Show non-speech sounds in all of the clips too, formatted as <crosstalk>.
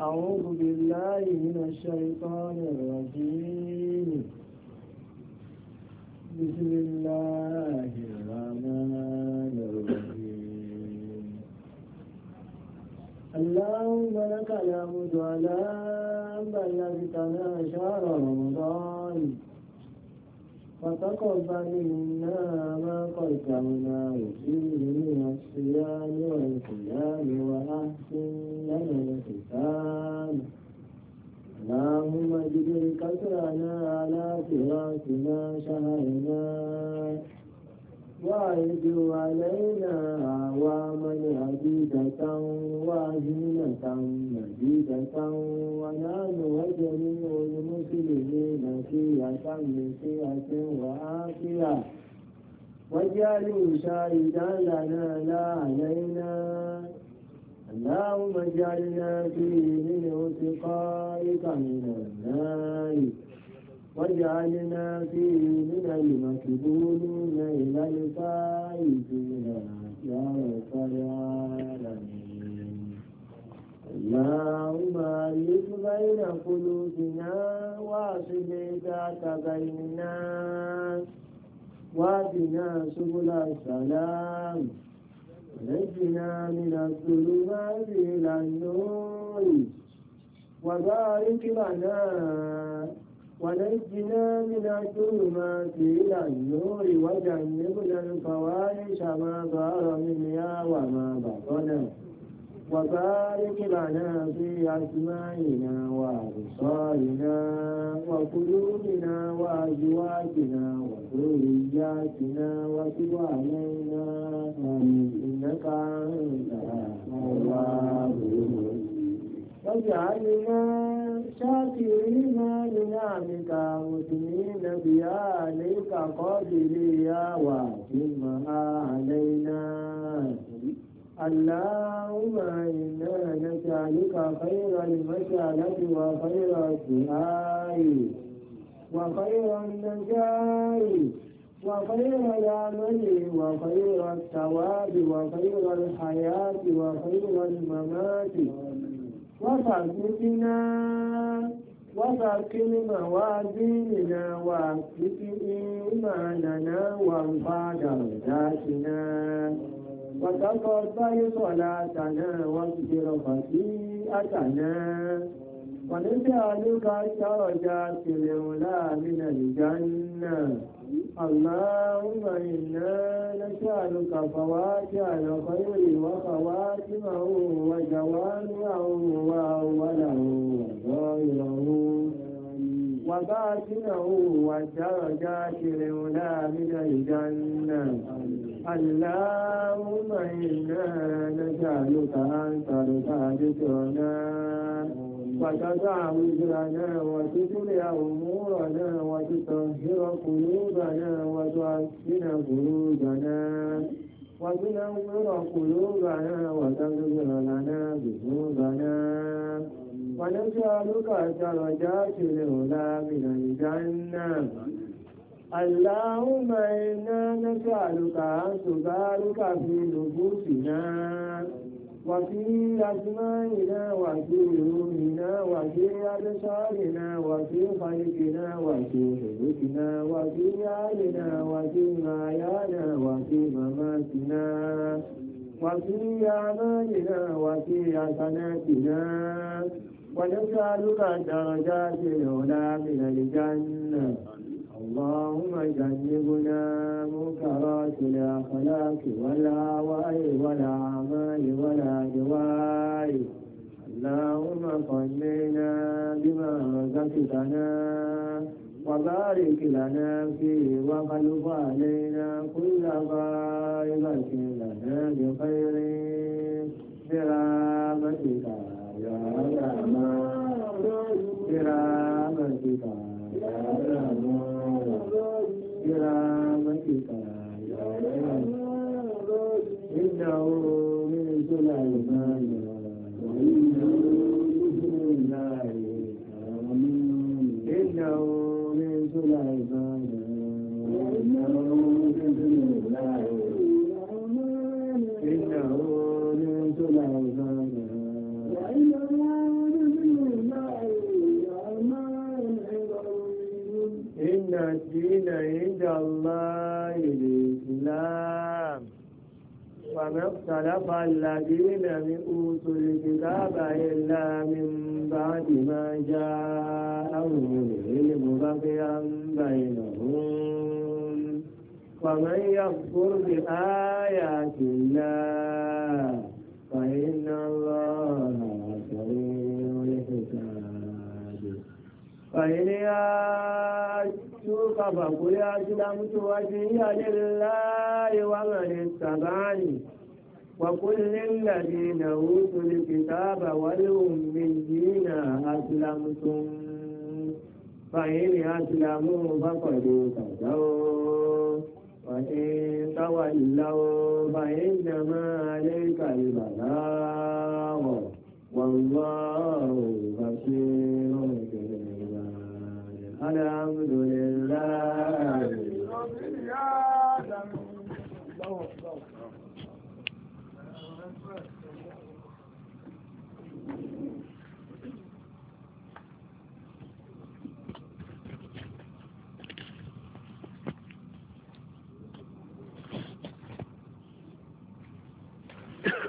أعوذ بالله من الشيطان الرجيم بسم الله الرحمن الرحيم اللهم لك الحمد على بلغتنا شهر رمضان فتقبل منا ما قدمنا وزيد من الصيام والقيام وأحسن لنا الختام اللهم اجبر كسرنا على فراقنا شهرنا واعد علينا عواما عديدة وعزيمة مديدة ونحن وجميع المسلمين شيعة من شيعة وعافية واجعله شاهدا لنا لا علينا اللهم اجعلنا فيه من اتقائك من النار واجعلنا فيه من المكبولين إلى الفائزين يا رب العالمين اللهم ألف بين قلوبنا واصل ذات بيننا وادنا سبل السلام ونجنا من الظلمات إلى النور وبارك لنا ونجنا من الظلمات إلى النور وجنبنا الفواحش ما ظهر منها وما بطن وبارك لنا في أسمائنا وأبصارنا وقلوبنا وأزواجنا وذرياتنا وتب علينا آمين إنك أنت الله واجعلنا شاكرين لنعمك مدنين بها عليك قادريا واتمها علينا اللهم إنا نسألك خير المسألة وخير الدعاء وخير النجاة وخير العمل وخير الثواب وخير الحياة وخير الممات وفقنا وفقن موازيننا واكفك إيماننا وارفع درجاتنا وتقبل صلاتنا واغفر خطيئتنا ونجعلك سرجا الأولى من الجنة اللهم إنا نسألك فواكه الخير وخواتمه وجوامعه وأوله وظاهره وباطنه والدرجات الأولى من الجنة اللهم إنا نسألك أن ترفع ذكرنا وتدع وزرنا وتسرع أمورنا وتطهر قلوبنا وتحسن قلوبنا وتنور قلوبنا وتغفر لنا ذنوبنا ونسألك درجات الأولى من الجنة اللهم إنا نسألك أن تبارك في نفوسنا وفي أسمائنا وفي علومنا وفي أبصارنا وفي خلقنا وفي حدودنا وفي أهلنا وفي معيانا وفي مماتنا وفي أعمالنا وفي حسناتنا ونسألك الدرجات العلى من الجنة اللهم جنبنا منكرات الأخلاق والهواء والأعمال والأدواء اللهم صلينا بما رزقتنا وبارك لنا فيه وخلف علينا كل غائبة لنا بخير برحمتك يا أرحم الراحمين اختلف الذين من أوتوا الكتاب إلا من بعد ما جاءهم العلم بغيا بينهم ومن يكفر بآيات الله فإن الله سريع الحساب فإن يأتوك فقل أسلمت وجهي لله ومن اتبعني وقل للذين أوتوا الكتاب والأميين أسلمتم فإن أسلموا فقد اهتدوا وإن تولوا فإنما عليك البلاغ والله بشير بالعباد ألم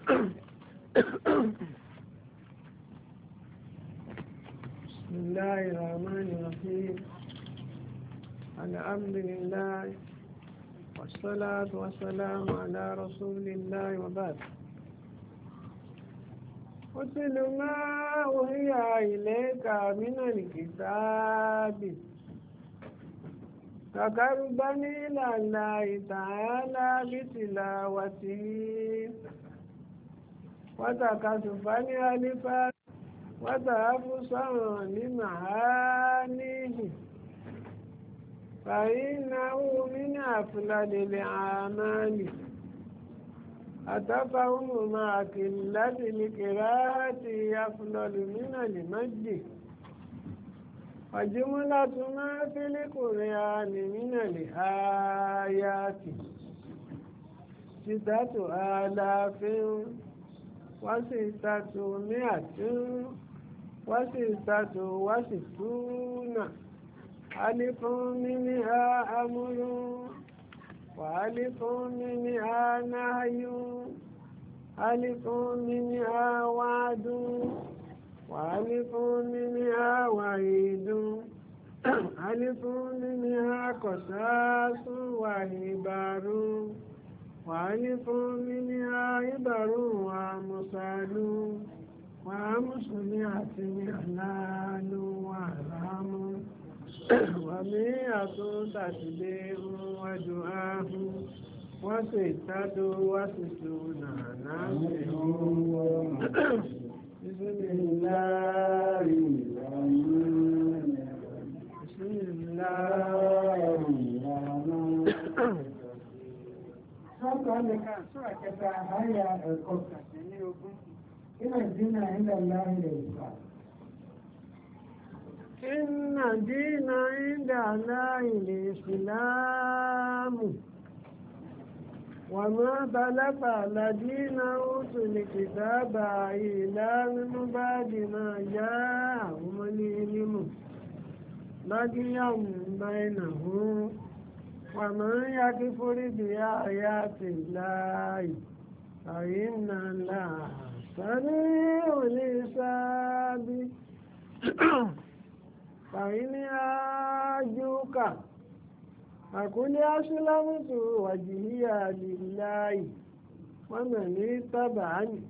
بسم الله الرحمن الرحيم الحمد لله والصلاة والسلام على رسول الله وبعد واتل ما أوحي إليك من الكتاب تقربني إلى الله تعالى بتلاوته wátàkà tùfá ní alífà wátàáfù sọ̀rọ̀ ní màáníìlì fàyínnáwó mínà àfúlàdélé àmàlì àtàfàwọn ọmọ àkìláti ní kìráàtì àfúlọ̀lù mínà lè mọ́jì ọ̀jùmúlá tún máa fílẹ̀ kùnrin àní mínà lè háyàtì títàtù aláàfin Wa Wa si si si wásìtàtù mi'atun fun wásìtúnà ni ha amrun wà alifun fun nahyun ni ha wa'dun wà alifun fun wa'idun ni ha qasas wa ibarun. وألف منها إبر ومصاد وأمس مئة إحلال وألام ومئة تسبيح ودعاء وستة وستون نافع بسم الله الرحمن الرحيم بسم الله ina dina rị daana ayị na-efu n'hụ wanbalakpala dina tulededa abahị naalụba dị n'nya ha maaelum magiraụụmmanya na hụ ومن يكفر بآيات الله فإن الله سريع الحساب فإن آجوك فقل أسلمت وجهي لله ومن اتبعني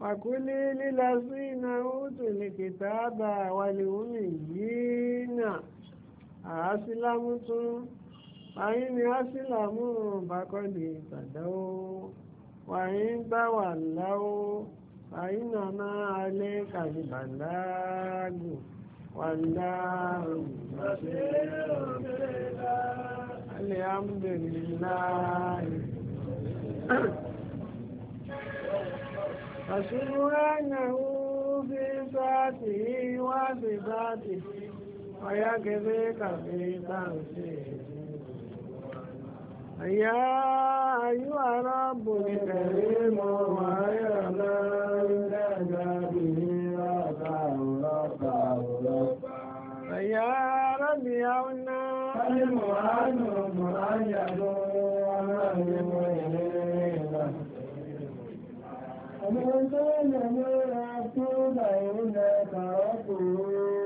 وقل للذين أوتوا الكتاب والأميين أسلمتم àyín ni asílàmù bákọ́lì ìtàdáwó wàyín bá wà láwó àyín nàná alẹ́ kàlìbàlágù wàláhùn alhamdulillahi فسبحانه في ذاته وبذاته ويكفيك في تنفيذه يا أيها رب الكريم ويا لا يدعى به رفع رفع رفع يا رب يا ونا المعان المعيد ومعلم إلينا ومن دون ما أكتب إليك رسول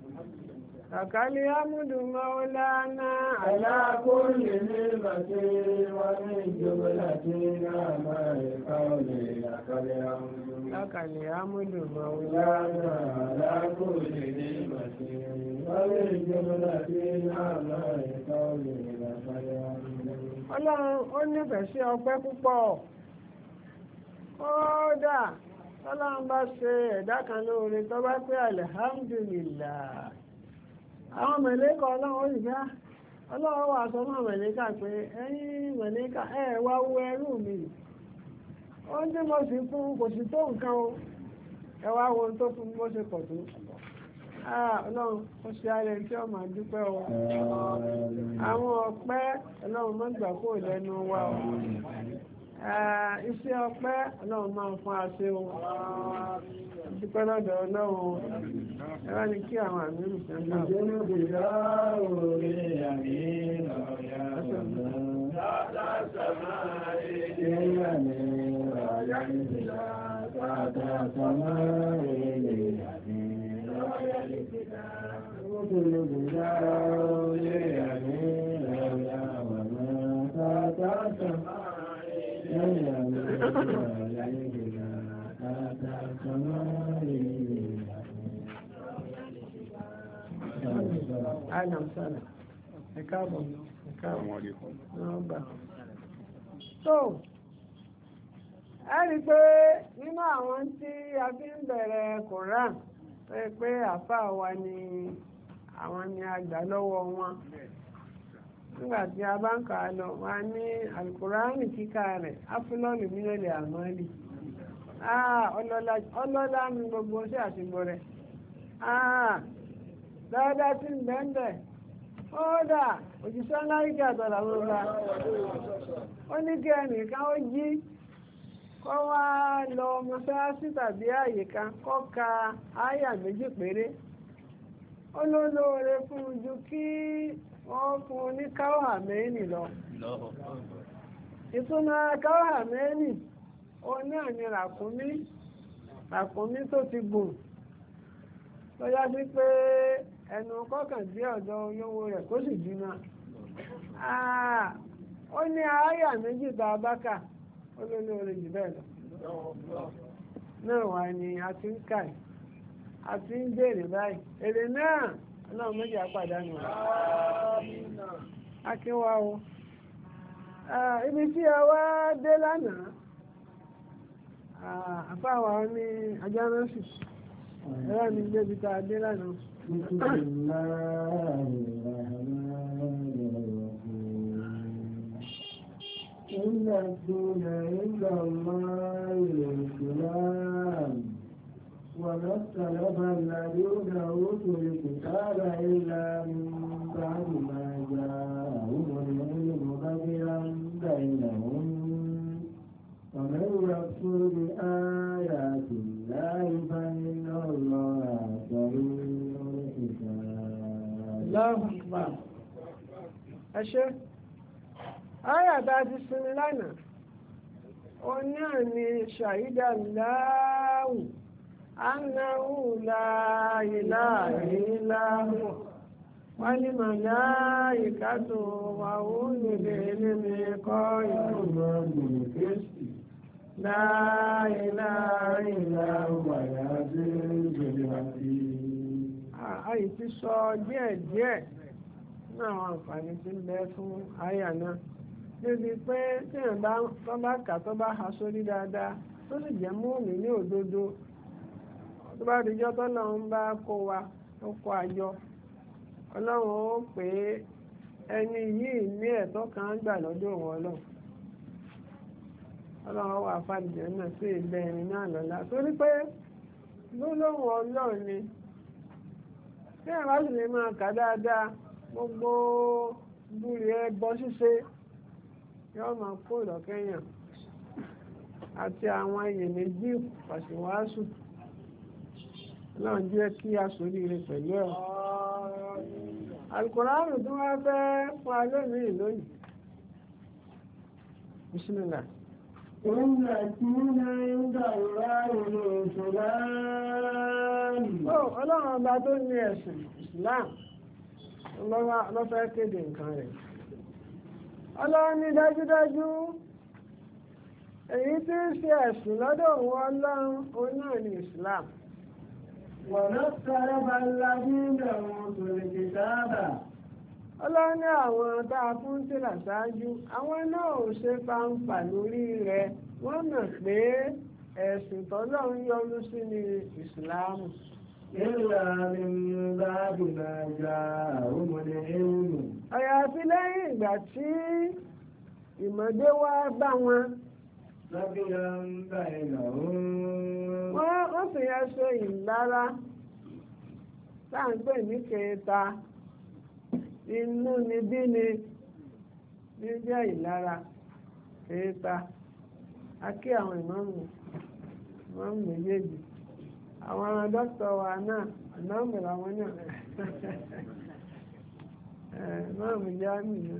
Àkálí Ámúdù Mọ́láná aláàkóòlè ní ìbàtí wọ́n ní ìjọba láti náà máa ẹ̀ka olè àkálí Ámúdù. Àkálí Ámúdù Mọ́láná aláàkóòlè ní ìbàtí wọ́n ní ìjọba láti náà máa ẹ̀ka olè àkálí Ámúdù. Ọlọ́run ó àwọn mẹ̀lẹ́kọ̀ ọlọ́run ìgbà ọlọ́run wà sọ mọ́ mẹ̀lẹ́kà pé ẹ̀yin mẹ̀lẹ́kà ẹ̀ wá wú ẹrú mi ó ń mo sì fún kò sí tó nǹkan o ẹ wá wo tó fún bó ṣe pọ̀ tó ọlọ́run ó ṣe alẹ́ tí ọmọ àdúpẹ́ wa àwọn ọpẹ́ ọlọ́run kó lẹ́nu wa Eh, iṣẹ́ ọpẹ́ ọlọ́run máa ń fún aṣe ohun ìdúpẹ́ lọ́dọ̀ ọlọ́run ẹ̀rọ ni kí àwọn àmì ìrùsẹ̀ náà Thank you. Alam sana. Ẹ káàbọ̀. So, pé nínú àwọn tí a fi ń bẹ̀rẹ̀ Koran, pé àfáà wa ni àwọn ni a gbà lọ́wọ́ wọn. nígbà tí a bá ń kà á lọ wá ní alukuraani kíkà rẹ̀ afúlọ́ọ̀lù mílíọ̀nù àmọ́lì ọlọ́lá gbogbo ṣe àtìgbọ́ rẹ̀ dáadáa sí bẹ́ẹ̀ kódà òṣìṣẹ́ ńlá ríkẹ́ àtọ̀là gbogbo ó ní kí ẹnìkan ó jí kọ́ wá lọ mọ́sáàsì tàbí kọ́ ka áyà méjì péré ó lólóore fún ju kí wọ́n fún ní káwà mẹ́rin lọ ìtumọ̀ káwà mẹ́rin o náà ní ràkúnmí ràkúnmí tó ti gùn tó yá sí pé ẹnu kọkàndí ọ̀dọ̀ olówó rẹ̀ kó sì jìnnà a orin jù bẹ́ẹ̀ lọ náà wà ní ń kà ń béèrè báyìí èrè ọlọ́run méjì àpàdánù akínwá o ibi tí a wá dé lánàá àfáwà ní ajáránṣì ẹ̀rọ ní débi tá a dé lánàá إن الدين عند الله الإسلام وما اختلف الذين أوتوا الكتاب إلا من بعد ما جاءهم العلم بغيا بينهم ومن يكفر بآيات الله فإن الله سريع الحساب الله أكبر أشهد آية بعد السنة لنا ونعني شهد الله أنه لا إله إلا wa والملائكة وأولي العلم قائما بالقسط لا إله إلا هو العزيز الحكيم àì ti sọ díẹ̀ díẹ̀ ní àwọn àǹfààní tí ń bẹ fún àyà náà níbi pé tí èèyàn bá tọ́ bá kà tọ́ bá ha sórí dáadáa tó sì jẹ́ mú mi ní òdodo tó bá dijọ́ tọ́lọ́run bá kó wa ó kó àjọ ọlọ́run ó pè é ẹni yìí ní ẹ̀tọ́ kan ń gbà lọ́dọ̀ wọn lọ ọlọ́run wà fàdìjẹ́ náà sí ìgbẹ́ ẹni náà lọ́la torí pé lólóhùn ọlọ́run ni ẹ̀rọ sì lè máa kà dáadáa gbogbo búrì ẹbọ ṣíṣe yóò máa kó ìlọ́kẹ́yàn àti àwọn pàṣẹwàásù náà jẹ́ kí a sórí rẹ̀ pẹ̀lú ẹ̀. alukóránù tó wá fẹ́ fún alóòmìn lónìí. bisimilá. Oúnjẹ tí ó máa ń gbà wá ìlú Ìsìláàmù. Ó ọlọ́run ọba tó ní ẹ̀sìn Ìsìláàmù ló fẹ́ kéde nǹkan rẹ̀. Ọlọ́run ní dájúdájú èyí tí ń ṣe ẹ̀sìn lọ́dọ̀ wọn ọlọ́run onáà Ìsìláàmù ọlọ́ní àwọn tá a fún tìlà ṣáájú àwọn náà ò ṣe pàǹpà lórí rẹ̀ wọ́n mọ̀ pé ẹ̀sìn tọ́lọ́ ń yọrú sí ní ìsìláàmù. ìlànà ìgbàgbọ́ náà ya òmùnì ìlú. ọ̀yà àfi lẹ́yìn ìgbà tí ìmọ̀dé wá bá wọn lábíyá ń sì yẹ ṣe ìlara láǹgbẹ̀ ní kẹta inú ni bí ni ní jẹ́ ìlara kẹta a àwọn ìmọ̀mù ìmọ̀mù méjèèjì àwọn dókítà wa náà ìmọ̀mù làwọn náà ìmọ̀mù jáàmù náà.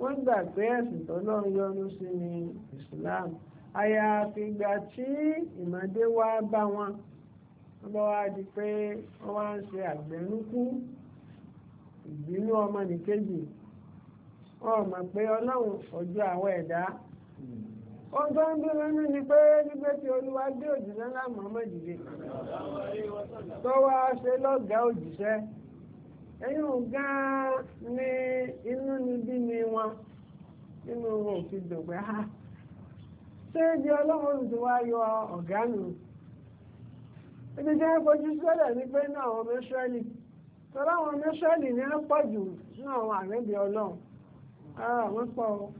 wọ́n gbà pé ẹ̀sìn tọ́lọ́run yọ́nú sí ni Islam àyàfi ìgbà tí ìmọ̀dé wá bá wọn wọ́n bá wá di pé wọ́n wá ń ṣe àgbẹ̀nukú ìbínú ọmọnìkejì wọ́n mọ̀ pé ọlọ́run ọjọ́ àwọn ẹ̀dá ohun tó ń dúró ní ni pé nígbé tí olúwa dé òjìṣẹ́ ńlá Muhammad tó wá ṣe lọ́gàá òjìṣẹ́ ẹ̀yìn gan-an ní inú ni bí ni wọn nínú ha ah, ṣé ibi ọlọ́run ti wá yọ ọ̀gá nù ibi tí fojú sọ́lẹ̀ ni pé àwọn tọ́lá àwọn pọ̀ jù àwọn àrẹ́bí ọlọ́run ara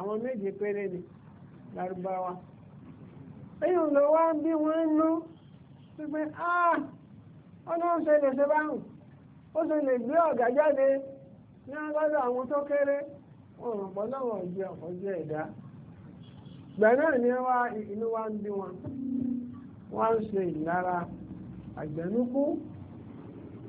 ah, pọ̀ ẹ̀yìn ah, ọ̀nà wá bí wọ́n ń nú pípẹ́ áà ọlọ́run ṣe lè ṣe báhùn ó ṣe lè gbé ọ̀gá jáde ní agbádọ̀ àwọn tó kéré ọ̀rọ̀ ọ̀pọ̀lọ́wọ̀ jẹ́ ọ̀pọ̀ jẹ́ ẹ̀dá gbà náà ni wá inú wá ń bí wọn wọ́n ń ṣe ìlara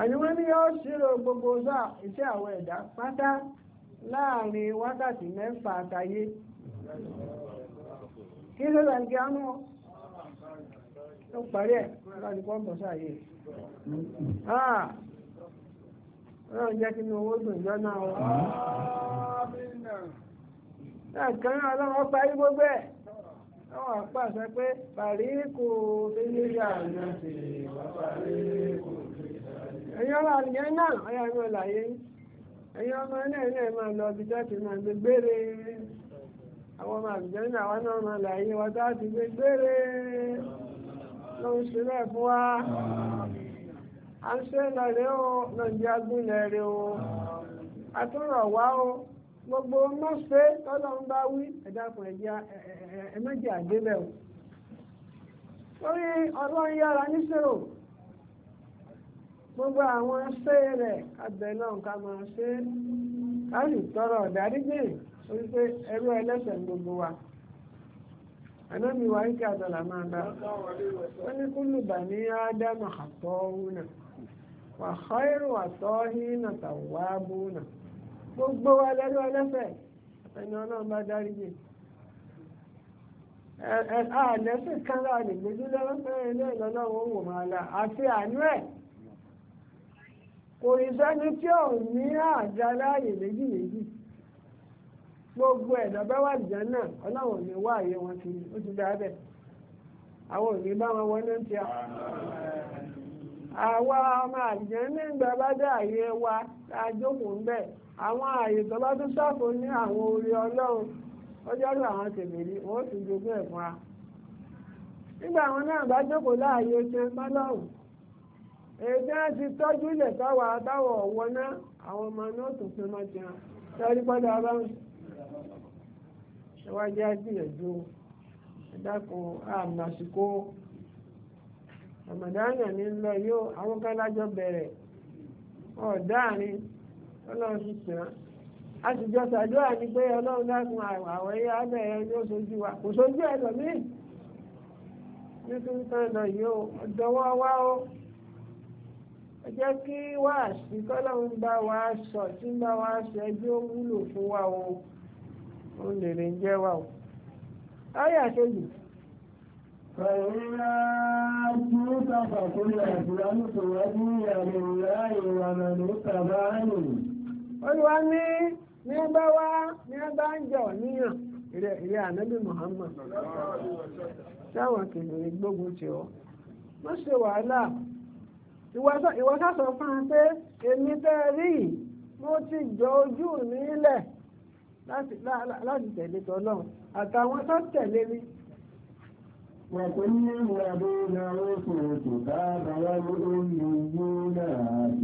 àyíwọ́n ní yóò ṣírò gbogbo iṣẹ́ àwọn ẹ̀dá pátá láàrin wákàtí mẹ́fà àtàyé kí ló lọ ní àánú ó parí ẹ̀ láti pọ́ bọ̀ sáàyè ah! ọ̀rọ̀ jẹ́ kí ní owó dùn ìjọ náà wọ́n ah! ẹ̀kan ọlọ́run parí gbogbo ẹ̀ àwọn àpàṣẹ pé parí kò fi nígbà náà wà parí ẹ̀yin ọba àlùjẹ́ náà ọ̀yà ẹ̀mọ́ làyé ọmọ náà náà lọ ibi tó ti máa gbé gbére àwọn ọmọ àlùjẹ́ náà náà máa làyé ti gbé gbére ló ń ṣe bẹ́ẹ̀ fún wa à ń ṣe lọ́rẹ́ o lọ́njẹ́ agbóhùnlẹ̀ rẹ o wá o gbogbo bá wí gbogbo àwọn ṣé rẹ̀ abẹ́lọ́ nǹkan máa ṣe é ká sì tọrọ ọ̀dáríjì wípé ẹrú ẹlẹ́sẹ̀ gbogbo wa ànábì wa ike àtàlà máa bá wọ́n ní kúlù bà ní ádámà àtọ́húnà wà khairu àtọ́hínà tàwábúnà gbogbo wa lẹ́rú ẹlẹ́sẹ̀ ẹni ọlọ́run bá dáríjì àlẹ́sẹ̀ kan láàrin gbójúlẹ́wọ́n fẹ́rẹ̀ ilé ìlọ́lọ́run ó wò máa la àti àánú ẹ̀ kò rí sẹ́ni tí ò ní àjàláyè méjì méjì gbogbo ẹ̀dá bá wà jẹ́ náà ọlọ́run ní wá àyè wọn ti ó ti àwọn òní bá wọn wọlé ń àwa ọmọ àjẹ́ wa àjókòó ń bẹ̀ àwọn àyè tó bá tún sáfò ní àwọn orí ọlọ́run ọjọ́ rú àwọn tèmèrè wọ́n ti jogún ẹ̀ nígbà àwọn náà bá jókòó láàyè ṣe mọ́lọ́run èdè á ti tọ́jú ilẹ̀ táwa wọná àwọn ọmọ náà tó fi máa jẹun sáré padà bá ń ṣèwádìí àgbìyànjú ẹ̀dákun àmàṣìkò ọ̀mọ̀dáyà ní lọ yóò àwọn kálájọ bẹ̀rẹ̀ ọ̀dáàrin ọlọ́run sàn a sì jọ pé ọlọ́run dákun àwọ̀ ẹ̀yà abẹ́rẹ́ sojú wa kò sojú nítorí tán lọ ọ̀dọ́wọ́ wá ó. ẹ jẹ́ kí wáàsí kọ́lọ́hún bá wa sọ tí bá wa sọ ẹjọ́ wúlò fún wa o ó lè lè jẹ́ wa o. ayé àṣejù. فإذا أتيت فقل أسلمت وجهي لله ومن اتبعني ní ní bá wá ní bá ń jẹ ọ̀níyàn ilé ànábì Muhammad. Sáwọn kìnnìún gbógun ti ọ. Má ṣe wàhálà ìwọ sọ fún un pé èmi tẹ́ rí mo ti jọ ojú mi lẹ̀ láti tẹ̀lé tọ́lọ́run àtàwọn tó tẹ̀lé mi. وكل الذين أوتوا الكتاب والأميون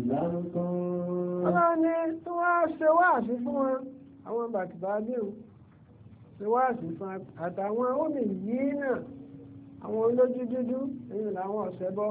أسلمتم. Ọlọ́run ni tí wọ́n ṣe wáàsí fún wọn, àwọn bàtìbá bíi ṣe wáàsí fún àtàwọn omi yìí náà, àwọn olójú dúdú, èyí làwọn ọ̀sẹ̀ bọ́.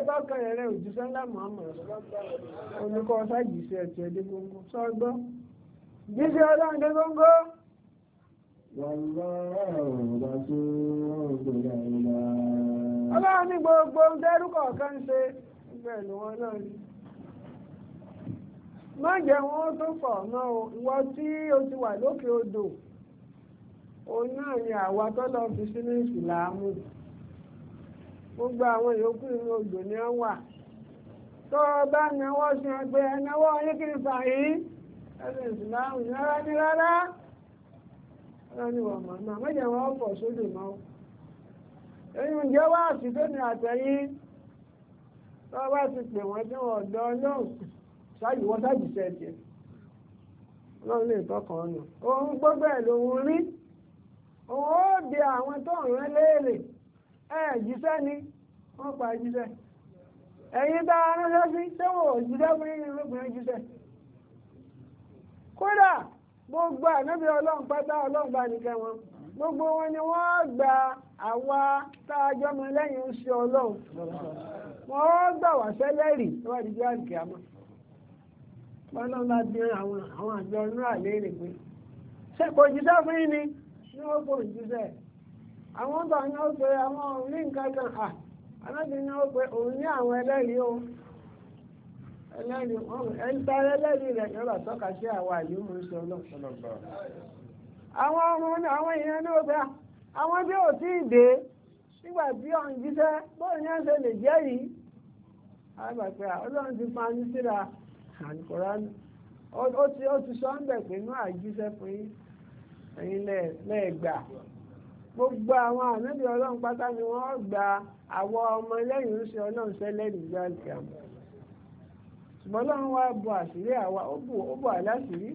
ìbá kan ẹ̀rẹ́ òjíṣẹ́ ńlá oníkọ́ sáàjìṣẹ́ ẹ̀tì ẹ̀dẹ́ góńgó sọ́gbọ́ jíṣẹ́ ọlọ́run dé ọlọ́run ní gbogbo dẹ́rù kọ̀ọ̀kan ń ṣe bẹ́ẹ̀ ni wọ́n náà rí má jẹ́ wọn tó fọ̀ mọ́ o ìwọ tí o ti wà lókè odò ni àwa gbogbo àwọn yòókù inú odò ni wọ́n wà tó bá náwó sí wọn pé ẹnáwó oníkìrìsà yìí ẹsẹ̀ rárá ní rárá rárá ni wọ́n mọ̀ náà mọ́jẹ̀ pọ̀ sódò mọ́ ẹ̀yìn wá àtìgbẹ́ni àtẹ̀yìn tó bá ti pè wọ́n tí wọ́n ọ̀dọ́ náà wọ́n ṣáàjì lè tọkàn ọ̀nà òun gbọ́gbẹ́ lòun rí òun ó ẹ̀ jise ni wọ́n pa jíṣẹ́ ẹ̀yin bá ránṣẹ́ sí tẹ́wọ̀ jíṣẹ́ fún yín jíṣẹ́ kódà gbogbo ànábì ọlọ́run pátá ọlọ́run bá wọn gbogbo wọn ni wọ́n gba àwa tá a jọmọ lẹ́yìn oṣù ọlọ́run wọ́n gbà wá sẹ́lẹ̀rì níwájú àmọ́ bá bí àwọn àjọ àlẹ́ pé kò jíṣẹ́ fún yín àwọn ọba ni ó pe àwọn òní nǹkan kan ah, à ni ó pe òun ní àwọn ẹlẹ́rìí o ẹlẹ́rìí ẹ̀ńtà ẹlẹ́rìí rẹ̀ yọ̀rọ̀ tọ́ka sí àwa yìí mú sí ọlọ́pàá àwọn ọmọ àwọn èèyàn ní ọgbà àwọn bí ò tí ì dé nígbà tí ọ̀n jíṣẹ́ bóyá ní lè jẹ́ yìí àgbàpẹ́ ọlọ́run ti pa ní síra ó ti sọ ń bẹ̀ pé fún yín gbogbo àwọn ànábì ọlọ́run pátá ni wọ́n gba àwọ ọmọ lẹ́yìn oṣù ọlọ́run sẹ́lẹ̀ nígbà ìkàmù ṣùgbọ́n ọlọ́run wá bu àṣírí àwa ó bù àláṣírí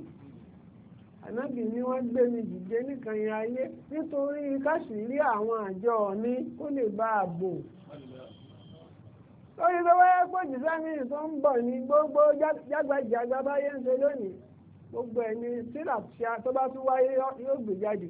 ànábì ni wọ́n gbé mi dìde nìkan yẹn ayé nítorí káṣírí àwọn àjọ mi kó lè bá a bò lórí tó wáyé pé jìsánì tó ń bọ̀ ní gbogbo jágbàjàgbà báyé ń ṣe lónìí gbogbo ẹni tí làtúnṣe tó bá tún wáyé yóò gbé jáde.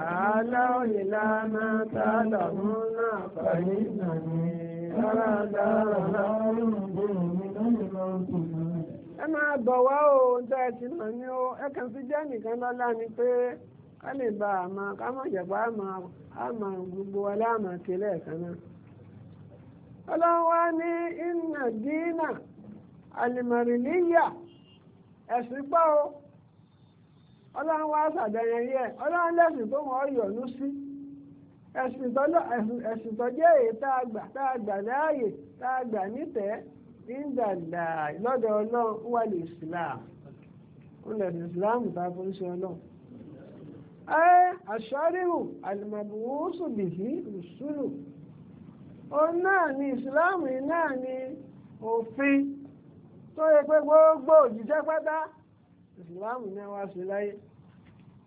تعالوا إلى ما تعلمون فإنني أرى دار لهم من الموت ẹ máa bọ̀ wá o dá ẹ ti mọ̀ ní o ẹ kàn fi jẹ́ nìkan lọ́la ni pé ká lè ba àmọ́ ká mọ̀ jẹ̀bọ́ àmọ́ àmọ́ gbogbo wa láàmà kélé ẹ̀kan náà. ọlọ́run wá ní ìnà dínà àlìmọ̀rìníyà ẹ̀sìn pọ́ o. ọlọ́run wá sàbẹ̀rẹ̀ yẹ ọlọ́run lẹ́sìn tó wọ́n yọ̀nú sí ẹ̀sìn tó jẹ́ èyí tá a tá a gbà láàyè tá a gbà nítẹ̀ẹ́ ìgbàgbà lọ́dọ̀ ọlọ́run wà lè islam ọlọ́run lè islam tá a fún sí ọlọ́run. ẹ àṣọríhù àlùmọ̀bùwọ́sù bìbí ìṣúlù òun náà ni islam náà ni òfin tó yẹ pé gbogbo òjíṣẹ́ pátá ìsìláàmù náà wá sí láyé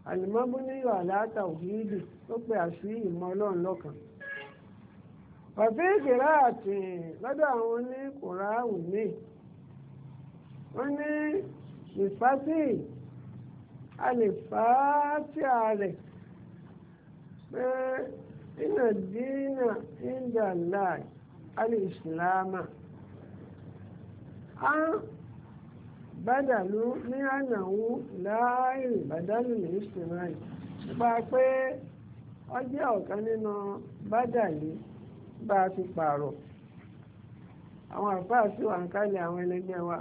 àlùmọ́bù nílò àlàáta òfìdì tó pe àṣì ìmọ̀ ọlọ́run lọ́kàn ọ̀fíìsì ráàtì lọ́dọ̀ àwọn ní kòráàwù ní wọ́n ní ìfásí àlèfáàtì ààrẹ pé iná dínà ìdàláì alìsìláàmà bádàlú ní ànàwó láàyè bàdálù ní ìsìnmáì nípa pé ọjọ́ ọ̀kan nínú bádàlú bá a ti pààrọ̀ àwọn àfáà sí wà ń kálẹ̀ àwọn ẹlẹgbẹ́ wa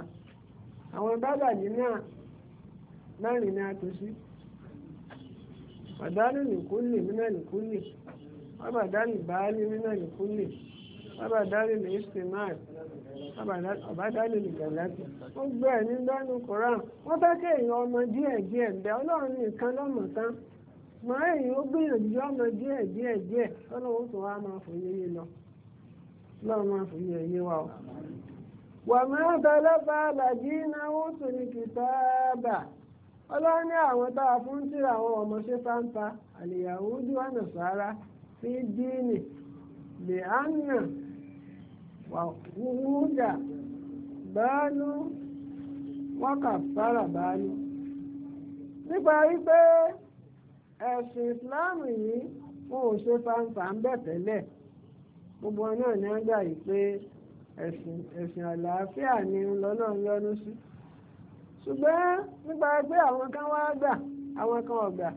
àwọn bádàlú náà mẹ́rin ni a tó sí bàdálù nìkúlè mínà nìkúlè wọ́n bàdálù báálé mínà nìkúlè. bábàdárì lè ṣe máa bábàdárì gbé ẹ̀ nígbàánu koran wọ́n fẹ́ ọmọ díẹ̀ díẹ̀ bẹ́ẹ̀ ọlọ́run nìkan ó gbìyànjú ọmọ díẹ̀ díẹ̀ díẹ̀ ọlọ́run tó wá máa fòye yé lọ ọlọ́run máa fòye yé wa o. ọlọ́run ní àwọn tá a fún tíra àwọn ọmọ ṣe fáńfà àlèyàwó wúdà báánú wákà fara báánú nípa wípé ẹ̀sìn ìsìláàmù yìí wọn ò ṣe fàǹfà ń bẹ̀ tẹ́lẹ̀ gbogbo náà ní ọjà yìí pé ẹ̀sìn àlàáfíà ni lọ́nà yọ́nú sí ṣùgbọ́n nípa pé àwọn kan wá gbà àwọn kan ọ̀gbà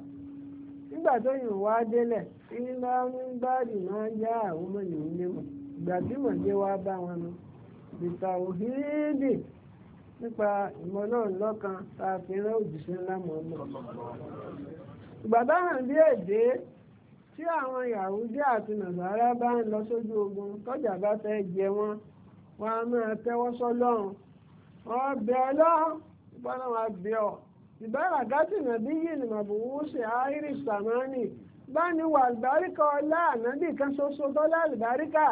nígbà tó yìnbọn wá délẹ̀ ìlànà ń bá dì máa ń já àwọn ọmọ ìlú nímọ̀ gbàdúmọ̀ jẹ́ wá bá wọn nu bìtà òhìrìdì nípa ìmọ̀lọ́run lọ́kan tá a fi rán òjìṣẹ́ ńlá mọ́mọ́. ìgbàdá hàn bí èdè tí àwọn Yahudi àti Nàsárá bá ń lọ sójú ogun tọ́jà bá fẹ́ jẹ wọn wọn a máa tẹ́wọ́ sọ́lọ́run wọn bẹ ọlọ́run gbọ́dọ̀ wọn bẹ ọ ìbáragátì nàbí yìí ni màbùwú ṣe áírí sàmánì bá ní wà àlùbáríkà ọlá ànábì kan ṣoṣo tọ́lá àlùbáríkà.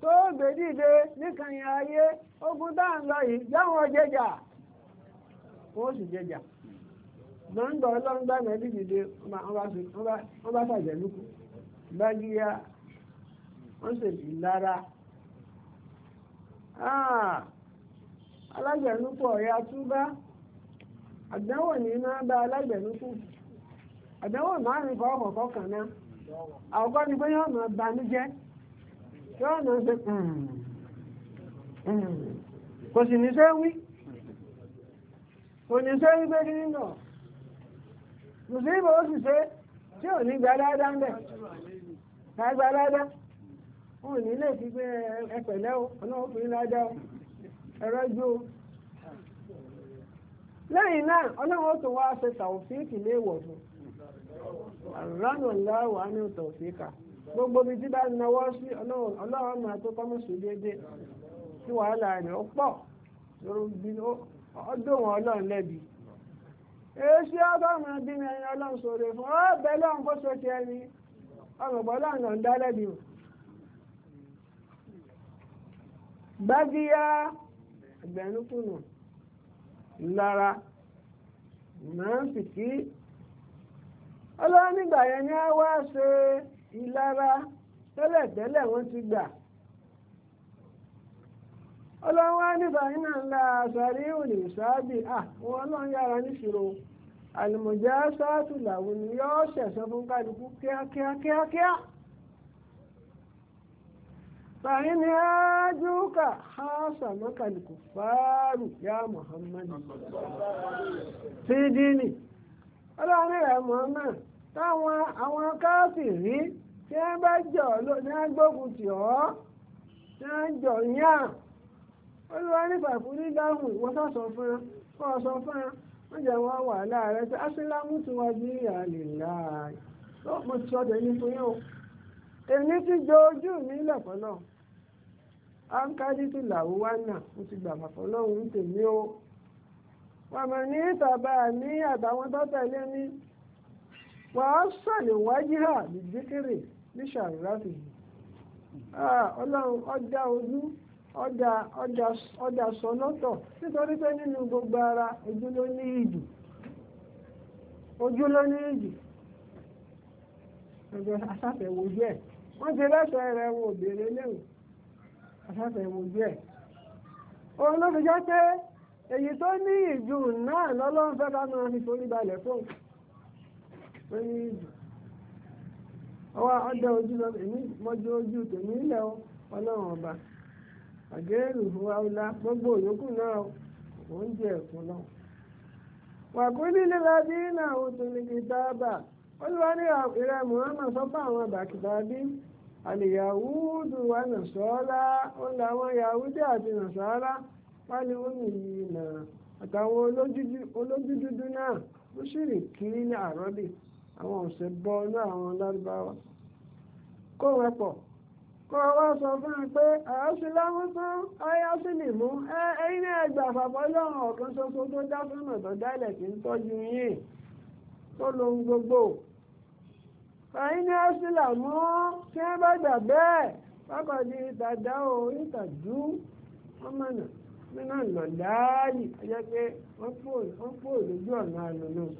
tó gbé dìde níkànnì ayé ogun tá lọ yìí jáwọn jẹjà wọ́n sì jẹjà gbọ́ngbọ́n ọlọ́run gbà wọ́n bá fàjẹ́ lóko bá yíya wọ́n sì sì lára ah, alágbẹ̀núpọ̀ ọ̀yà túbá àdánwò ní máa bá alágbẹ̀núpọ̀ àdánwò márùn-ún fọwọ́kọ̀ọ́kọ̀ kan náà àkọ́kọ́ ni pé yọọ náà ṣe se hmm, hmm, sì ní ṣe wí kò ní ṣe wí pé nínú náà mùsùlùmí o sì ṣe tí ò ní gbalada na bẹ̀ ká gbalada ò ní lè fi pé ẹpẹ̀lẹ́ o ọlọ́run fi ládá o ẹ̀rọ ju o lẹ́yìn náà ọlọ́run wá ṣe léèwọ̀ fún gbogbo ibi tí bá náwó sí ọlọ́run máa tó kọ́mọ̀sù déédé tí wàhálà rẹ̀ ó pọ̀ ọdún ọlọ́run lẹ́bi èsì ọgọ́rùn-ún bí mi ọlọ́run sọ̀rọ̀ fún ọ bẹ́ẹ̀ lọ́run kó so ẹni ọlọ́run dá lẹ́bi o. lára máa ń ọlọ́run nígbà yẹn ni a ìlara tẹ́lẹ̀tẹ́lẹ̀ wọ́n ti gbà ọlọ́wọ́ nípa iná ńlá àṣàrí òní sáábì àwọn ọlọ́run yára níṣòro àlùmọ̀já sáàtù làwọn ni yóò ṣẹ̀sán fún kálukú kíákíákíá fàyín ni á júkà á sàmọ́ kálukú fáàrù ọlọ́run rẹ̀ Muhammad táwọn àwọn káfìrí tí wọ́n bá jọ ní agbógun tì ọ́ tí wọ́n jọ yàn olúwa nípa ìfúnni dáhùn ìwọ́sà sọ fún un kọ́ ọ sọ fún un wọ́n jẹ́ wọ́n wà láàárẹ̀ tí asílámù tí wọ́n jí àlè láàárẹ̀ mo ti sọ tẹ̀lé fún yín o èmi ti jọ ojú mi lẹ̀kọ́ náà áńkájí ti làwó wá náà mo ti gbà pàpọ̀ lọ́hùn tèmi o wàmọ̀ ní tàbá ní àtàwọn tó tẹ̀lé mi. wàásàlè wájíhà dị dịkịrị ọlọ́run ọjà ojú ọjà sọlọ́tọ̀ nítorí pé nínú gbogbo ara ojú ló ní ìjù ojú ló ní ìjù ọjọ́ asáfẹ̀wò díẹ̀ wọ́n ti lẹ́sẹ̀ rẹ̀ wo òbèrè léwu òun ló fi pé èyí tó ní ìjù náà bá fóun. pé ọwọ́ ọdẹ ojú lọ èmi mọ́jú ojú tèmi ilẹ̀ ọlọ́run ọba àgẹ́rù gbogbo òyòkù náà oúnjẹ ẹ̀kún náà wàkúlí lílọ́dí náà ó tún ní kí dábà olúwa ní ìrẹ Muhammad àwọn ọ̀sẹ̀ bọ́ ní àwọn lárúbáwá kó wọn pọ̀ kó wá sọ fún mi pé àáṣe láwọn tán ayá sí lè mú ẹ̀yin náà gbà àpapọ̀ lọ́rùn ọ̀kan ṣoṣo tó dá fún ọ̀tọ̀ dálẹ̀ tí ń tọ́jú yín tó lohun gbogbo ẹ̀yin náà sí làmú tí wọ́n bá gbà bẹ́ẹ̀ pápádi dàdá o ìtàdú ọmọnà nínú ìlọ̀dáàlì ọjọ́ pé wọ́n pò lójú ọ̀nà àlọ́ náà.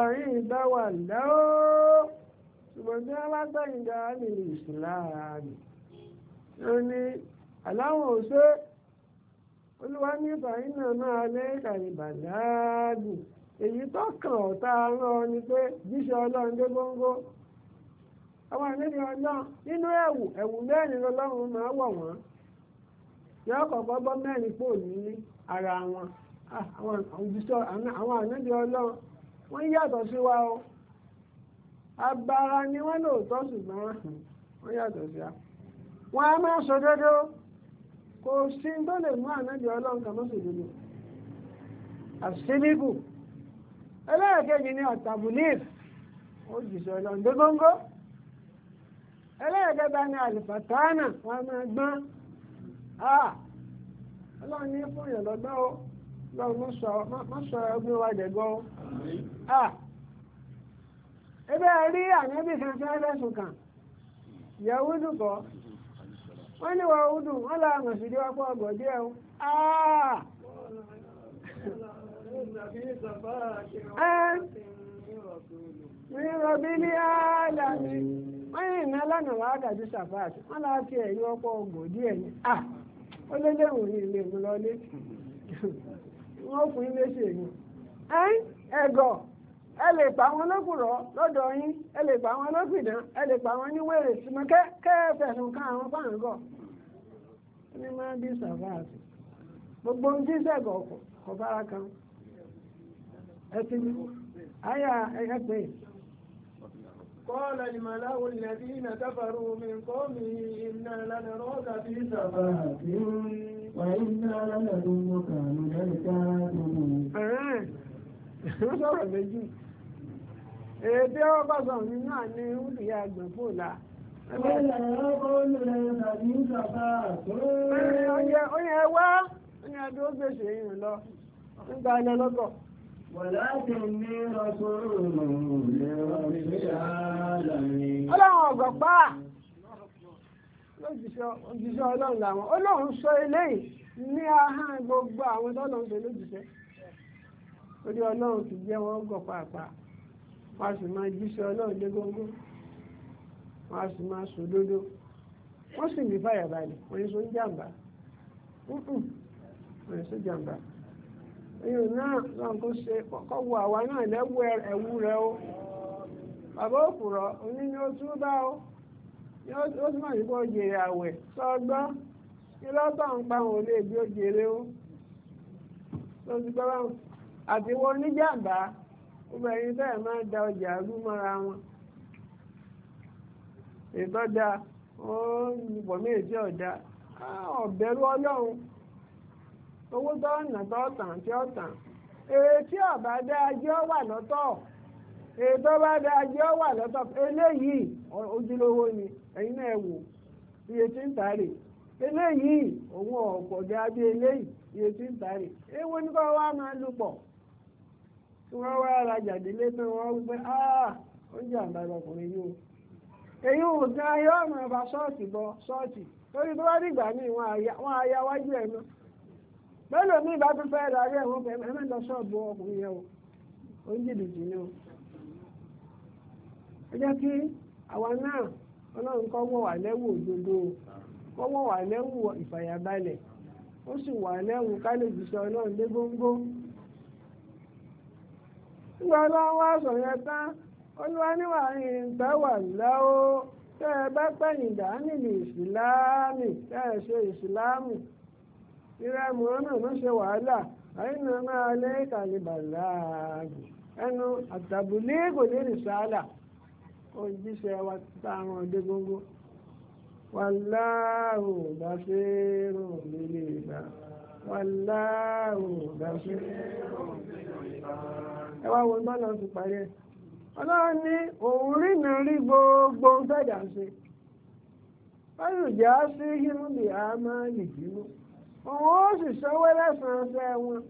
àrí ìdáwà lẹ́ọ́ ṣùgbọ́n tí wọ́n bá gbẹ̀yìndà ní ìsìláàmì ló ní aláwọ̀ òṣè olúwa ní fàyínà náà lé kàrìbàláàdì èyí tó kàn ọ̀tá ni pé jíṣẹ́ àwọn àníbi nínú ẹ̀wù ẹ̀wù mẹ́rin lọ́lọ́run máa wọ̀ wọ́n yọ mẹ́rin pò ní ara wọn ah, àwọn wọ́n yàtọ̀ sí wa o agbára ni wọ́n lóòótọ́ ṣùgbọ́n wọ́n yàtọ̀ sí wa wọ́n á máa sọ dédó kò sí tó lè mú ànájọ ọlọ́run kan mọ́sọ̀ dédó àṣìbíkù ẹlẹ́ẹ̀kejì ni ọ̀tàbùlíf ó jìṣọ́ ọlọ́run dé góńgó ẹlẹ́ẹ̀kẹta ni àlìfàtánà wọ́n a máa gbọ́n ah! ọlọ́run ní fún ìyànlọ́gbọ́n o. má sọ ẹgbẹ́ wa dẹ̀gọ́ kan kọ́ wọ́n ní wọ́n wọ́n sí ọgọ̀ díẹ̀ o ah. ní wọ́n yìí ní alánà dàbí sàfáàtì wọ́n díẹ̀ ni ah. ó lé ilé wọ́n fún yín léṣe Ẹgọ, ẹ̀gọ̀ ẹ lè pa lọ́dọ̀ yín ẹ lè pa àwọn lókùdán ẹ lè pa àwọn níwèrè ṣùgbọ́n ká àwọn ní máa bí sàfáàsì gbogbo kan قال الملأ الذين كفروا من قومه إنا لنراك في سفاهة وإنا لنظنك من الكاذبين <laughs> sọ̀rọ̀ méjì èdè ọba sọ̀rọ̀ náà ni wúlì àgbẹ̀ fòlà ó yẹ wá ó yẹ dúró gbèsè èèyàn lọ nígbà ilẹ̀ lọ́gọ̀ọ́ Ọlọ́run ọ̀gọ̀pá lójìṣẹ́ ọlọ́run làwọn. Ọlọ́run sọ eléyìí ní ahán gbogbo àwọn tọ́lọ́run tó lójìṣẹ́. Orí ọlọ́run ti jẹ́ wọ́n gọ̀ pàápàá. Wọ́n a sì máa jíṣẹ́ ọlọ́run góńgó. Wọ́n a sì máa Wọ́n sì ní Wọ́n yẹ sọ Wọ́n yẹ sọ irun náà náà kó ṣe kọ́kọ́ awa àwa náà lẹ́wọ́ ẹ̀wù o bàbá òpùrọ̀ òní ni ó tún bá o ni ó túmọ̀ sí pé ó jèrè àwẹ̀ sọgbọ́n kí lọ́tọ̀ ń pa òun lè bí ó jèrè o tó ti gbọ́ báwọn máa da ọjà rú mọ́ra wọn ìtọ́jà ó ń bọ̀ mí èsì ọ̀dà ọ̀bẹ̀rù ọlọ́run. owó tọ́ọ̀nà tọ́ọ̀tàn tí ó tàn èrè tí ọ̀bá dá ajé wà lọ́tọ̀ èrè tó bá dá ajé wà lọ́tọ̀ eléyìí ojúlówó ni ẹ̀yin náà wò iye tí ń tàrí eléyìí òun ọ̀pọ̀ ajé eléyìí iye tí ń tàrí ewu ní kọ́ wá máa lù pọ̀ tí wọ́n wá rajà délé pé wọ́n wí pé ah, ó jẹ́ àbálẹ̀ ọkùnrin yìí o èyí ò ọba bọ torí tó bá dìgbà míì bẹ́ẹ̀ mi bá tún fẹ́ ra rí ẹ̀wọ̀n mẹ́rin lọ ṣọ́ọ̀bù ọkùnrin yẹn o ó ń jìbìtì ni o ẹ jẹ́ kí àwa náà o kọ́ wọ̀ wà lẹ́wù ìfàyàbalẹ̀ ó sì wà lẹ́wù sọ ọlọ́run dé góńgó nígbà ọlọ́run wá sọ yẹn tán olúwa níwà ìrẹ Muhammad má ṣe wàhálà àyínà máa lé kàlíbàláàgì ẹnu àtàbùlé kò lè rìn sáálà òjíṣẹ́ wa táwọn ọdẹ gbogbo wàláhù bàṣírò nílé ìgbà wàláhù bàṣírò ẹ wá wo bọ́lá ti parí ẹ ọlọ́run ní òun rìnà rí gbogbo ń fẹ́jà ṣe báyìí ìjà sí hírúbì àmọ́ nìdínú. òun ó sì sanwó lẹ́sàn-án ṣe wọn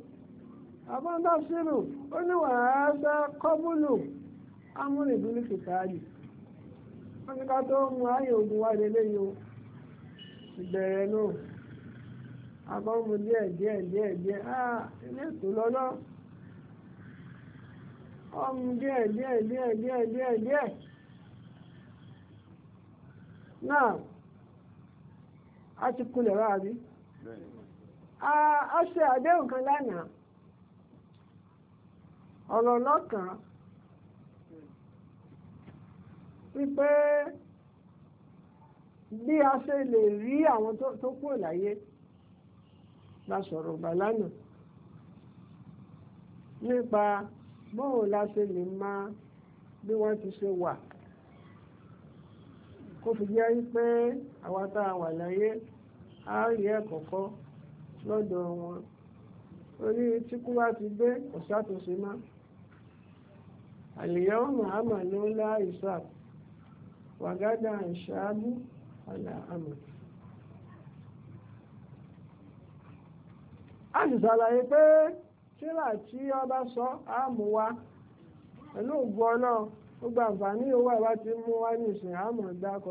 àbọ̀dọ̀ sírù ó ní wàá sá kọ́búlù amúnibílì kìtàlì wọ́n ní ká tó mú ayé ogun wá lélẹ́yìn o ìbẹ̀rẹ̀ náà àbọ̀mù díẹ̀ díẹ̀ díẹ̀ díẹ̀ á ilé ètò a ti a ṣe àdéhùn kan lánàá ọ̀rọ̀ lọ́kàn wípé bí a ṣe lè rí àwọn tó kúrò láyé la sọ̀rọ̀ gbà lánàá nípa bóun la ṣe lè máa bí wọ́n ti ṣe wà kó fi jẹ́ wípé àwa tá wà láyé a rí ẹ̀kọ́kọ́ lọ́dọ̀ wọn orí tí kú bá ti gbé kò ṣàtúnṣe má àlìyáwó mahama ló ń lá isaac wàgádà ìṣáábù aláàmà. a sì ṣàlàyé pé tíra tí ọba sọ àmú wa pẹ̀lú ògbọ́ náà gbogbo àǹfààní owó àwa ti mú wá ní ìsìn àmọ̀ ìgbà kọ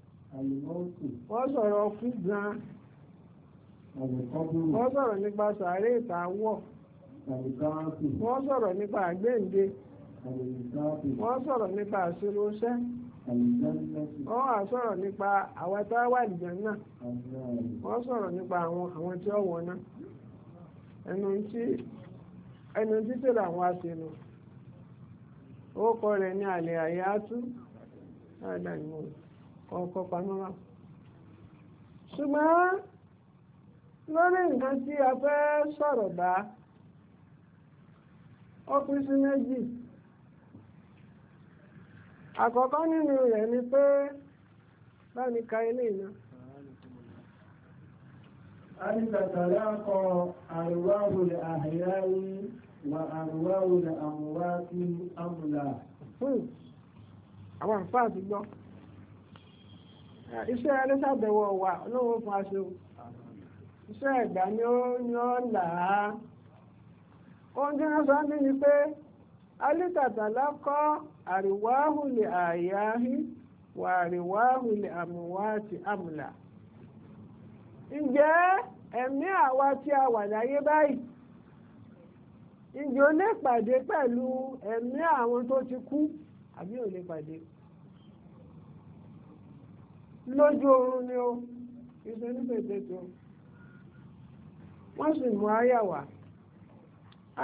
wọ́n sọ̀rọ̀ kú gan-an wọ́n sọ̀rọ̀ nípa sàárè ìtàwọ̀ wọ́n sọ̀rọ̀ nípa àgbéǹde wọ́n sọ̀rọ̀ nípa àṣíròṣẹ́ wọ́n wà sọ̀rọ̀ nípa àwọn tá a wà nìyẹn náà wọ́n sọ̀rọ̀ nípa àwọn tí ó wọ̀ náà ẹnu tí ẹnu títẹ̀lẹ̀ àwọn aṣèlú ó kọ́ rẹ̀ ní àlè àyà tú láàdá ìmọ̀ rẹ̀. ọkọ̀ pamọ́ ṣùgbọ́n lórí nǹkan tí a fẹ́ sọ̀rọ̀ bá ó méjì àkọ́kọ́ nínú rẹ̀ ni pé báni ka ilé iná. Àdìsàtàlákọ̀ àrùwáwòlẹ̀ àhìráyí wà àrùwáwòlẹ̀ àmúwá tí àmúlà. Hmm. Àwọn àfáà ti gbọ́. iṣẹ́ ẹni ṣàbẹ̀wò wa olówó fún aṣọ iṣẹ́ ẹ̀gbà ni ó ní ọ́ là á ohun tí wọ́n sọ ní ni pé alítàtà lákọ́ àríwáhùlẹ̀ àyáhí wà àríwáhùlẹ̀ àmúwáàtì àmùlà ǹjẹ́ ẹ̀mí àwa tí a wà láyé báyìí ǹjẹ́ ó lè pàdé pẹ̀lú ẹ̀mí àwọn tó ti kú àbí ò lè pàdé kú lójú oorun ni ó ìṣe nígbèdéke wọ́n sì mú àyà wá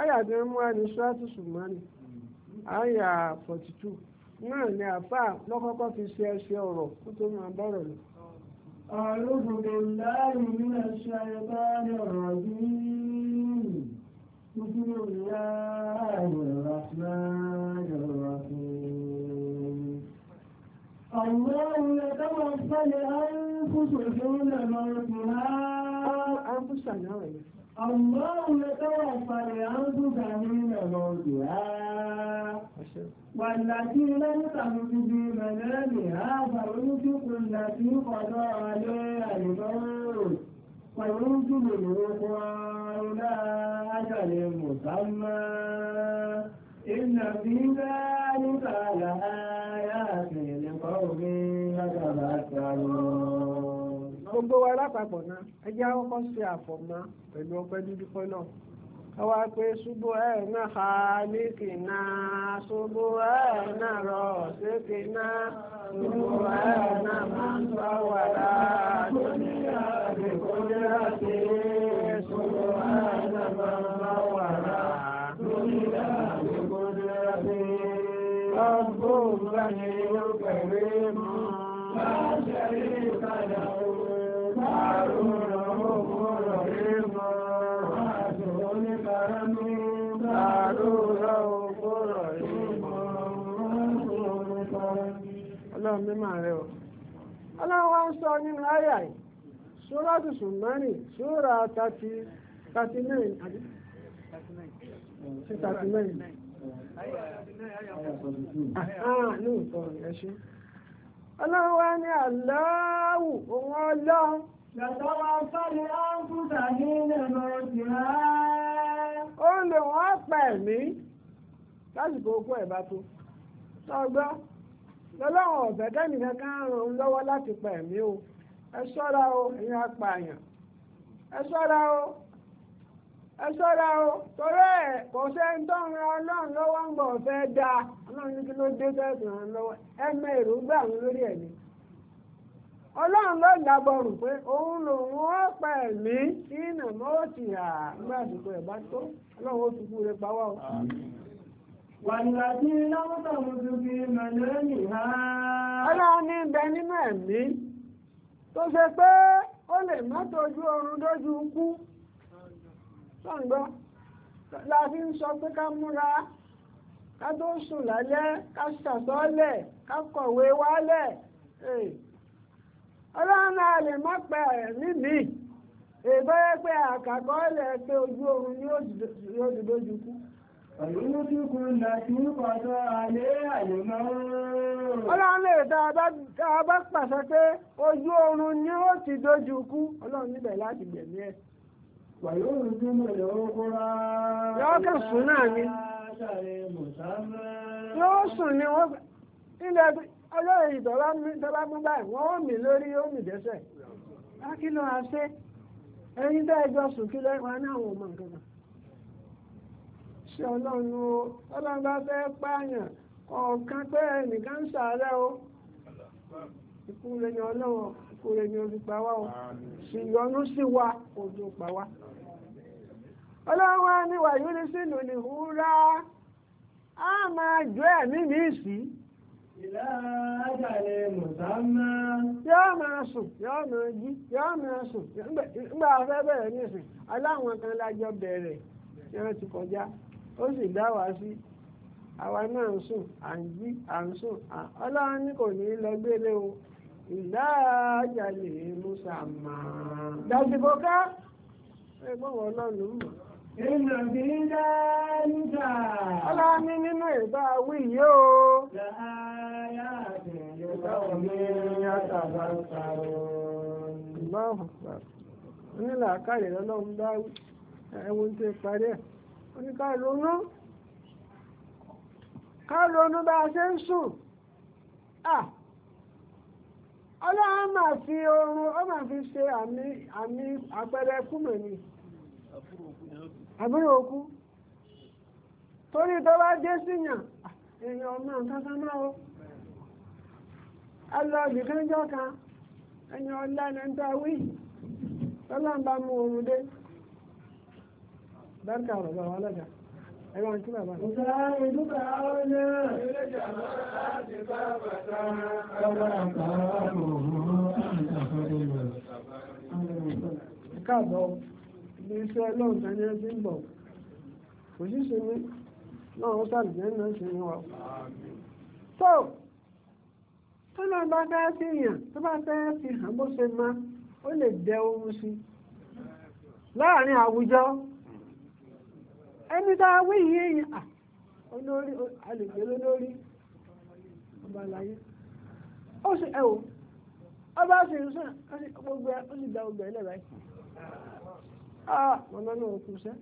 àyà tí wọ́n mú ẹni ṣáàtì sùmánì àyà forty two náà ni lọ́kọ́kọ́ fi ṣe ẹsẹ̀ ọ̀rọ̀ kó tó máa bọ̀rọ̀ lọ. أعوذ بالله من الشيطان الرجيم بسم الله الله يتوفى الأنفس حين موتها أنفسنا الله يتوفى الأنفس حين موتها والتي لم تمت في منامها فينفق التي قضى عليها الموت وينزل الأخرى إلى أجل مسمى إن في ذلك لآية gbogbo wa lápapọ̀ náà ẹjẹ́ àkọ́kọ́ ṣe àfọ̀mọ́ pẹ̀lú ọpẹ́ dúdú fọ́nà àwa pé ṣubú ẹ̀ náà ha lékè náà ṣubú ẹ̀ náà rọ̀ ṣékè náà ṣubú ẹ̀ náà máa ń bá wà láàbò ní àgbègbè láti ṣubú ẹ̀ náà máa ń bá wà láàbò ní àgbègbè láti. ọgbọ́n bá ní ó pẹ̀lú mọ́ ọlọ́run mímọ̀ rẹ̀ ọ̀. ọlọ́run wá ń sọ nínú ayà yìí ṣúra tuntun mẹ́rin ṣúra tàti tàti mẹ́rin àbí sí tàti mẹ́rin. ayà tàti mẹ́rin ayà tàti mẹ́rin ọlọ́run wá ní àlọ́wù òun ọlọ́run. Yàtọ̀ máa fẹ́ni áńkúta ní ìlànà òsì rẹ̀. Ó ń lò wọ́n pẹ̀ mí lásìkò okú ẹ̀ bá tó. Sọ́gbọ́n lọ́lọ́run ọ̀fẹ́ kẹ́nìkan kan ràn ń lọ́wọ́ láti pẹ̀ mí o. Ẹ ṣọ́ra o, ẹ̀yin apààyàn. Ẹ ṣọ́ra o. ẹ ṣọ́ra o torí ẹ̀ kò sẹ́ni ń ran ọlọ́run lọ́wọ́ ń bọ̀ fẹ́ ọlọ́run ní kí ló dé sẹ́sìn lọ́wọ́ ẹ mẹ wọn lórí ẹ̀mí ọlọ́run ló pé òun lòun ó pa ẹ̀mí ẹ̀ bá tó ọlọ́run ó ha. Ọlọ́run ní nínú ẹ̀mí sọ̀ǹgbọ́ la fi ń sọ pé ká múra ká tó sùn lálẹ́ ká ṣàtọ́lẹ̀ ká kọ̀wé wálẹ̀ ọlọ́run náà lè má pẹ́ níbi ìbọ́yẹ́ pé àkàkọ́ọ́lẹ̀ pé ojú oorun ni yóò ti dójú Ọlọ́run lè tá a pàṣẹ pé ojú oorun ni ó ti kú. Yọ́ kẹ́ sùn náà ni. Yọ́ sùn ni wọ́n ilẹ̀ ọjọ́ ìdọ́lá mú báyìí, wọ́n ó mì lórí ó mì dẹ́sẹ̀. Á kí lọ ẹyin dá ẹjọ́ sùn kí lẹ́wọ̀n náà wọ́n ọmọ nǹkan kan. ṣe ọlọ́run o, oore ni pa wa o sì yọ́nú sí wa ojú pa wa. ọlọ́wọ́ ni wàyú ní sínú húrá a máa jọ ẹ̀mí mi sí. ìlà àjàlẹ̀ mùsàmá. yóò máa sùn yóò máa jí yóò máa sùn nígbà afẹ́ bẹ̀rẹ̀ ní ìsìn aláwọn kan lájọ bẹ̀rẹ̀ tí wọ́n ti kọjá ó sì dá wa sí àwa náà ń sùn à ń jí à ń sùn ọlọ́run ní kò ìdájà lè musa máa. dàsìkò ká ẹgbọ́n wọn lọ́nu mọ̀. Ìnà bí dáńtà. Ọlá ní nínú ìbá wí yìí o. Láyà àti ìyọ̀bá omi yàtàbá sàrò. Ìbá ọ̀fà. Onílà káyè lọ́lọ́run bá ẹwọ ń tẹ parí ẹ̀. Oníká ronú. Ká ronú Ah! ọlọ́run máa fi oorun ó máa fi ṣe àmì àmì àpẹẹrẹ kúmọ̀ ni àbúrò òkú torí tó bá dé síyàn èèyàn ọmọ kankan náà ó ẹlọ ìdíkánjọ́ kan ẹni ọlá ẹni ń tẹ́ wí lọ́lọ́run bá mú oorun dé bẹ́ẹ̀ ẹ̀rọ ní túnbà máa. ọ̀sán ìdúkà ọ̀rọ̀ náà. ilé ìjàmbá láti bá bàtà. ọ̀rọ̀ àbára mọ̀ káàbọ̀ ilé iṣẹ́ ọlọ́run tẹ́lẹ̀ ẹbí ń bọ̀ kò sí sinmi náà ó sàlùjẹ́ náà sinmi wa. ṣe máa ó ẹni tá a wí yìí yìí ah, à olórí alègbè lólórí ọba àlàyé ó sì ẹ o ọba sì ń sàn gbogbo ó sì da ọgbẹ ẹlẹ báyìí ah màmá náà kù sẹ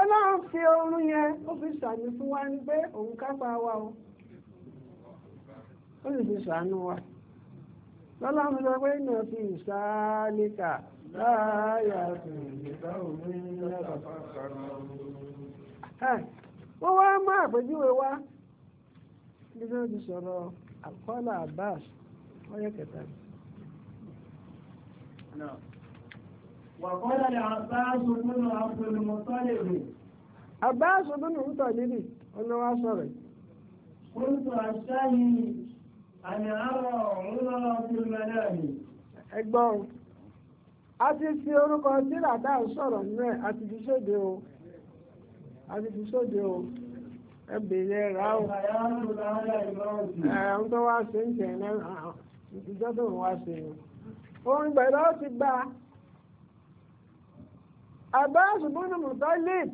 ọlọ́run fi oorun yẹn ó fi sàmì fún wa ní pé òun kápá wa o ó sì fi sàánú wa lọ́lọ́run sọ pé náà fi ìsáálíkà. wọ́n wá mọ́ àpèjúwe wá bí wọ́n sọ̀rọ̀ àkọ́lá abbas wọ́n kẹta abbas bínú abdulmutalibi. abbas bínú mutalibi ọ̀nà sọ̀rọ̀. kúntù àṣàyìn àmì àrò òun lọ́wọ́ ẹgbọ́n. a ti fi orúkọ tíra dá sọ̀rọ̀ nínú ẹ̀ a ti fi sóde o a ti fi sóde o ẹ bèèrè rà o ẹ̀ ń tó wá sí ń tẹ̀ náà ìjọ tó wá sí i orin gbẹ̀rẹ̀ ó ti gba àbá ṣùgbọ́n mùtọ́lìb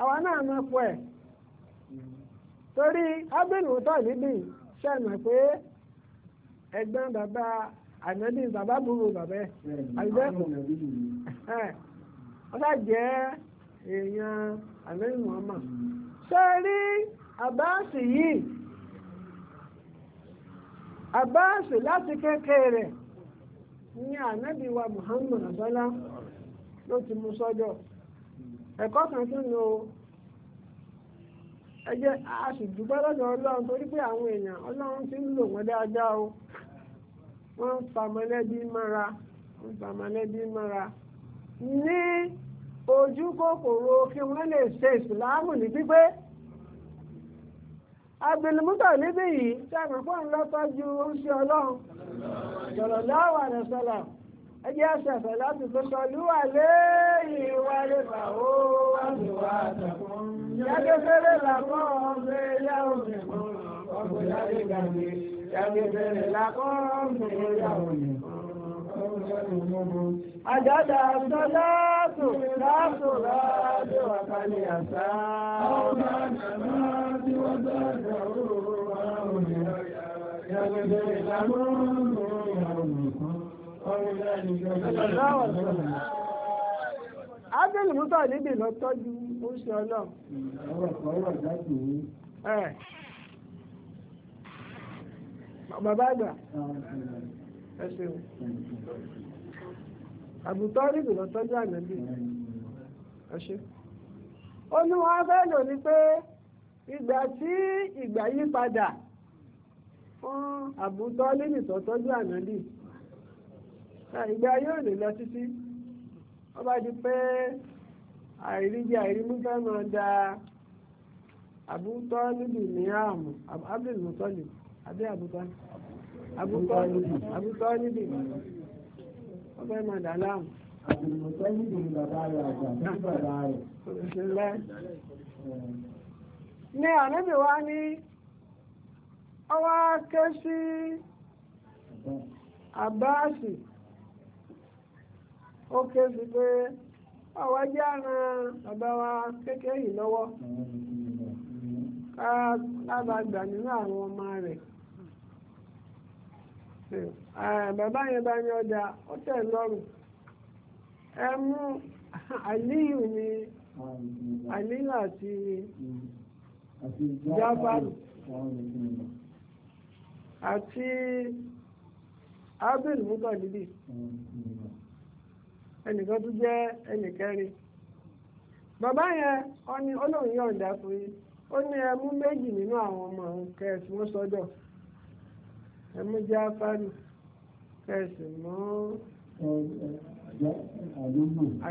àwa náà máa pọ̀ ẹ̀ torí ábìlì mùtọ́lìbì ṣẹ̀mọ̀ pé ẹ̀gbọ́n bàbá ànábì bàbá burú bàbá ẹ̀ àbíbẹ́ẹ̀kọ́ ọ̀sá jẹ́ èèyàn ànábì Muhammad rí àbáàsì yìí àbáàsì láti kékeré ní ànábì wa Muhammad abala ló ti mú sọ́jọ́ ẹ̀kọ́ kan tún ni o ẹjẹ́ a sì dúpẹ́ Ọlọ́run torí pé àwọn èèyàn Ọlọ́run ti o. wọ́n ń fa mọ̀lẹ́bí mọ́ra wọ́n ń fa mọ̀lẹ́bí mọ́ra ní ojú kòkòrò kí wọ́n lè ṣe ìsìláàmù ní pípé agbèlúmútà níbí yìí sàmùpọ̀ ńlọ́tọ́jú oúnjẹ ọlọ́run sọ̀rọ̀ láwà rẹ̀ sọ̀rọ̀ ẹjẹ́ àṣàfẹ́ láti tó sọlúwà léyìn ìwárí bàwó wàlúwà àtàkùn yàgẹ́fẹ́rẹ́ làkọ́ ọ̀gbẹ́ yá òmìnir ọ̀gbẹ́ yá Ẹgbẹ̀rẹ̀ lákọ́rọ̀ mẹ́rin yàwó nìkan. Àjádà sọ́látò látò láàájú àkàlì àṣà. Ọmọ àjàmá tí wọ́n dájà oòrùn àwọn ènìyàn. Yàgbẹ̀dẹ̀ ìlàmọ́rùn-ún ìyàwó nìkan. Ọrùn láàrin ìjọba. Ábẹ́lì Mútà níbi lọ tọ́jú ó ṣe ọlọ́run. Àwọn ọ̀pọ̀ wà láti bàbá àgbà ẹ ṣeun àbùtọ́ níbi lọ tọ́jú ànábì ẹ ṣe. ó ní wọ́n fẹ́ lò ní pé ìgbà tí ìgbà yí padà fún àbùtọ́ níbi tó tọ́jú ànábì ìgbà yóò lè lọ títí wọ́n bá di pé àìríjẹ àìrímú fẹ́ máa da àbútọ́ níbi ní àmù abdulmutalib àbí àbútọ́ àbútọ́ àbútọ́ níbi ọgbẹ́ mọ̀dà láàmù. àbútọ́ níbi bàbá rẹ̀ àgbà ní bàbá rẹ̀. ṣùgbọ́n ní ànábì wa ní ọwọ́ ké sí àbáàsì ó ké sí pé ọwọ́ jẹ́ àrùn bàbá wa kékeré yìí lọ́wọ́ ká lábàgbà nínú àwọn ọmọ rẹ̀. Hmm. Eh, bàbá yẹn bá ní ọjà ó tẹ̀ lọ́rùn ẹ mú àlíyù ni àlíyù àti jábàrù àti abel mutọ níbí ẹnìkan tó jẹ́ ẹnìkẹrin bàbá yẹn ó ní olóhùn yọ̀ǹda fún yín ó ní ẹ méjì nínú àwọn ọmọ òun kẹsì wọn sọ́dọ̀. ẹ mú jáfárì kẹsì mú àdúgbò